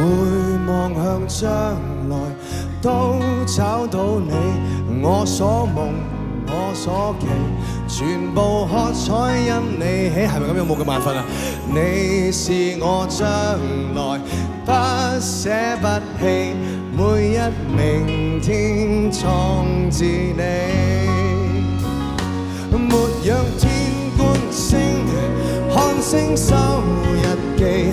會望向將來，都找到你我夢，我所夢我所期，全部喝彩因你起，係咪咁樣？冇咁眼瞓啊？你是我將來不捨不棄，每一明天創自你，沒讓天官星看星收日記。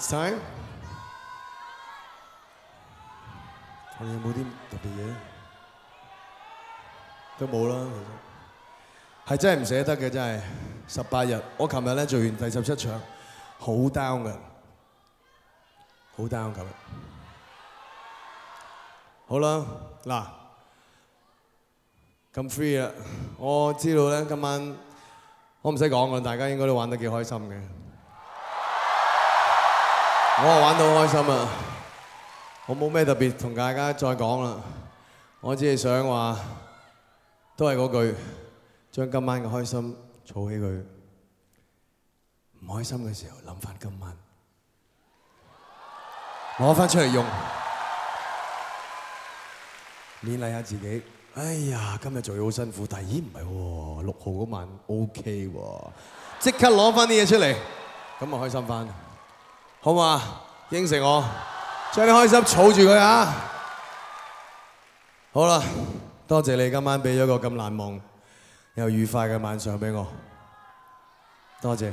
Time，我哋有冇啲特別嘢？都冇啦，其實係真係唔捨得嘅真係。十八日，我琴日咧做完第十七場，好 down 㗎，好 down，琴日。好啦，嗱，咁 free 啦，我知道咧今晚，我唔使講嘅，大家應該都玩得幾開心嘅。我玩到好開心啊！我冇咩特別同大家再講啦，我只係想話，都係嗰句，將今晚嘅開心儲起佢，唔開心嘅時候諗翻今晚，攞翻出嚟用，勉勵下自己。哎呀，今日做嘢好辛苦，但係咦唔係喎，六號嗰晚 OK 喎，啊，即刻攞翻啲嘢出嚟，咁啊開心翻。好嘛，應承我，將你開心儲住佢啊！好啦，多謝你今晚俾咗個咁難忘又愉快嘅晚上俾我，多謝，謝。